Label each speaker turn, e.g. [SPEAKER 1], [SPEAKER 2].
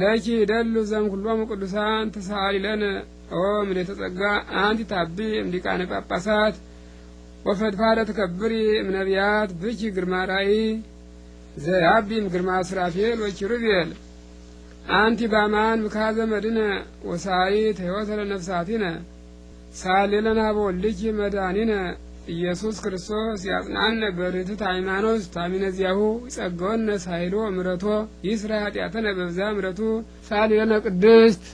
[SPEAKER 1] ለኪ ይደሉ ዘእምኩሎሙ ቅዱሳን ተሳሊ ለነ ኦ ምን ጸጋ አንቲ ታቢ እምዲቃነ ጳጳሳት ወፈድፋደ ተከብሪ እምነቢያት ብኪ ግርማ ራእይ
[SPEAKER 2] ዘያቢም
[SPEAKER 1] ግርማ ስራፌል ወኪሩቤል አንቲ ባማን ምካዘ መድነ ወሳይ ተሕይወተ ነፍሳቲነ ሳሌለና ለነ ኀበ ወልድኪ ኢየሱስ ክርስቶስ ያጽናነ በርትት ሃይማኖት ታሚነ ዚያሁ ይጸገወነ ሳይሎ ምረቶ ይስራ ኃጢአተነ በብዛ
[SPEAKER 3] ምረቱ ሳልዮነ ቅድስት